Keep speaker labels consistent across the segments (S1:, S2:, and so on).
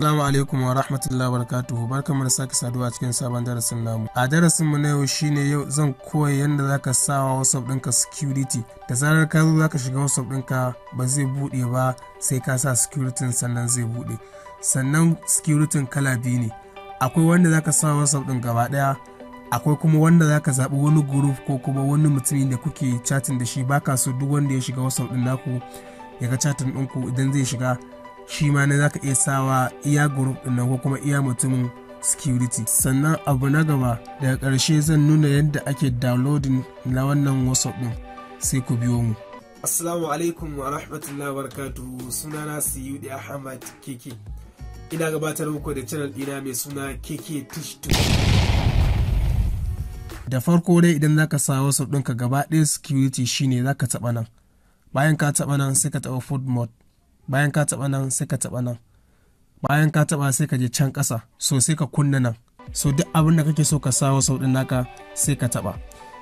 S1: Assalamu alaikum wa rahmatullahi wa barakatuhu barkamu da sake saduwa a cikin sabon darasin namu. A darasin mu na yau shine yau zan koya yadda zaka sawa WhatsApp ɗinka security. Da zarar ka zo zaka shiga WhatsApp ɗinka ba zai buɗe ba sai ka sa security sannan zai buɗe. Sannan security kala biyu ne. Akwai wanda zaka sa wa WhatsApp ɗin gaba ɗaya akwai kuma wanda zaka zaɓi wani group ko kuma wani mutumin da kuke chatting da shi baka so duk wanda ya shiga WhatsApp ɗin naku ya ga chatting ɗinku idan zai shiga shi ma na zaka iya sawa iya group ɗin ko kuma iya mutumin security sannan abu na gaba daga karshe zan nuna yadda ake downloading na wannan whatsapp din sai ku biyo mu assalamu alaikum wa rahmatullahi wa barakatuhu sunana siyudi ahmad keke ina gabatar muku da channel ɗina mai suna keke tish da farko dai idan zaka sa wasu ɗinka gaba ɗaya security shine zaka taɓa nan bayan ka taɓa nan sai ka taɓa food mode bayan ka taɓa nan sai ka taɓa nan bayan ka taɓa sai ka je can ƙasa so sai ka kunna nan so duk abin da kake so ka sawo sau ɗin naka sai ka taɓa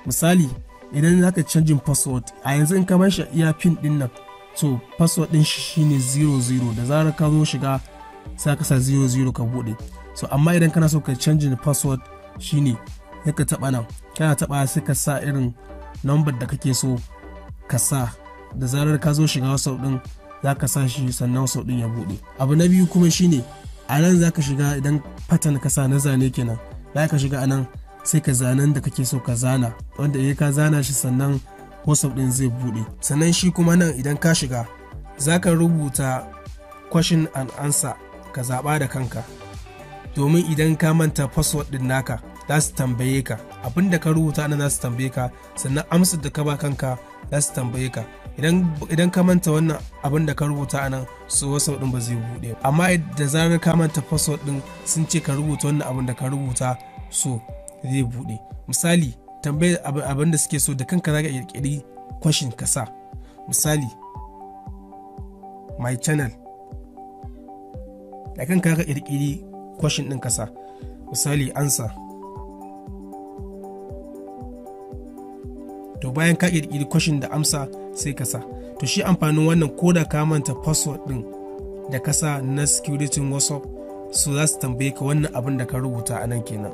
S1: misali idan za ka canjin password a yanzu in ka bar shi iya pin ɗin nan so password ɗin shi shine 00 da zarar ka zo shiga sai ka sa 00 ka buɗe so amma idan kana so ka canjin password shine sai ka taɓa nan kana taɓa sai ka sa irin number da kake so ka sa da zarar ka zo shiga wasu ɗin za ka sa shi sannan sau ɗin ya buɗe abu na biyu kuma shine a nan za ka shiga idan fatan ka sa na zane kenan za ka shiga anan sai ka zanen da kake so ka zana wanda idan ka zana shi sannan whatsapp ɗin zai buɗe sannan shi kuma nan idan ka shiga za ka rubuta question and answer ka zaɓa da kanka domin idan ka manta password ɗin naka za su tambaye ka abin ka rubuta nan za su tambaye ka sannan amsar da ka ba kanka za su tambaye ka idan ka manta wannan abin da ka rubuta a nan su wasu din ba zai buɗe amma da zarar ka manta password din sun ce ka rubuta wannan abin da ka rubuta so zai buɗe misali tambayi abin da suke so da kanka za ka ƙirƙiri kwashin ka sa misali my channel da kanka za ka ƙirƙiri kwashin din ka sa misali ansa bayan ka ƙirƙiri kwashin da amsa sai ka sa to shi amfanin wannan ko da ka manta password din da ka sa na security whatsapp su za su tambaye ka wannan abin da ka rubuta a nan kenan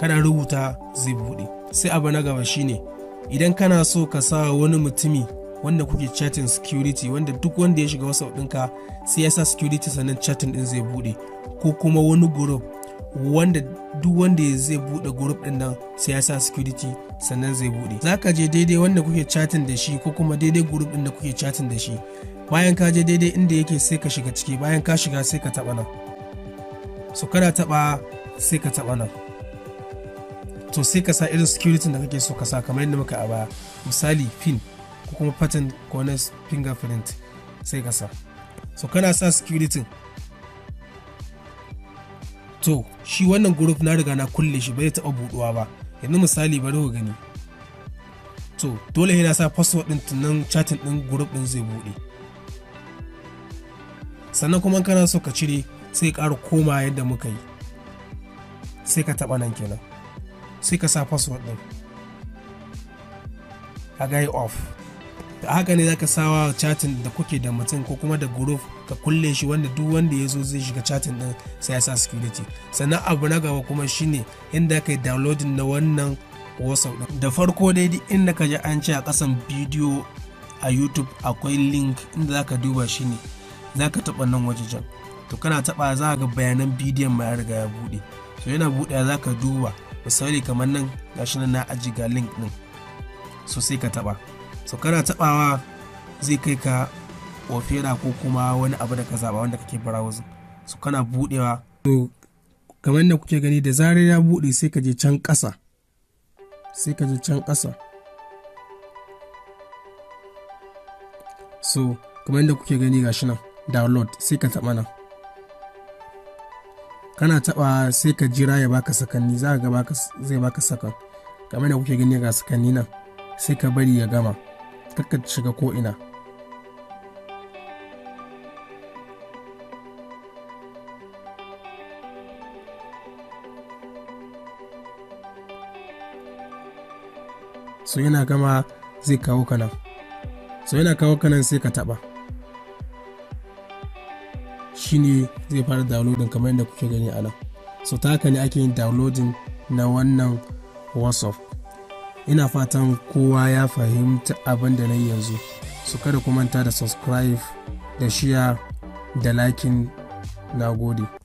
S1: kana rubuta zai buɗe sai abu na gaba shine idan kana so ka sa wani mutumi wanda kuke chatting security wanda duk wanda ya shiga whatsapp ɗinka sai ya sa security sannan chatting ɗin zai buɗe ko kuma wani group wanda duk wanda zai bude group din nan sai ya sa security sannan zai bude zaka je daidai wanda kuke chatting da shi ko kuma daidai group din da kuke chatting da shi bayan ka je daidai inda yake sai ka shiga ciki bayan ka shiga sai ka taba nan so kada taba sai ka taba nan to sai ka sa irin security da kake so ka sa kamar yadda muka a baya misali pin ko kuma pattern ko na fingerprint sai ka sa so kana sa security to shi wannan group na riga na kulle shi bai taɓa buɗuwa ba yanzu misali bari ku gani to dole yana sa password ɗin tunan chatin ɗin group ɗin zai buɗe sannan kuma kana so ka cire sai ƙara koma yadda muka yi sai ka taɓa nan kenan sai ka sa password ɗin a yi off da haka ne za ka sawa chatin da kuke da mutum ko kuma da group ka kulle shi wanda duk wanda ya zo zai shiga chatin din sai ya sa security sannan abu na gaba kuma shine inda kai downloading na wannan whatsapp din da farko dai duk inda ka ji an ce a kasan bidiyo a youtube akwai link inda zaka duba shine zaka taba nan wajejen to kana taba za ga bayanan bidiyon ma ya riga ya bude so yana buɗe za ka duba misali kamar nan gashi nan na aji ga link din so sai ka taba so kana tabawa zai kai ka opera ko kuma wani abu da ka zaba wanda kake browsing su kana budewa to kamar da kuke gani da zarar ya bude sai ka je can ƙasa sai ka je can kasa so kamar da kuke gani gashi nan download sai ka taɓa nan kana taɓa sai ka jira ya baka sakanni za ga baka zai baka sakan kamar da kuke gani ga sakanni nan sai ka bari ya gama kakka shiga ko ina so yana gama zai kawo kanan so yana kawo ka sai ka taɓa ne zai fara downloading kamar yadda kuke gani a nan so ta haka ne ake yin downloading na wannan whatsapp ina fatan kowa ya fahimta abin da na yi yanzu su kada ku manta da subscribe da share da liking na gode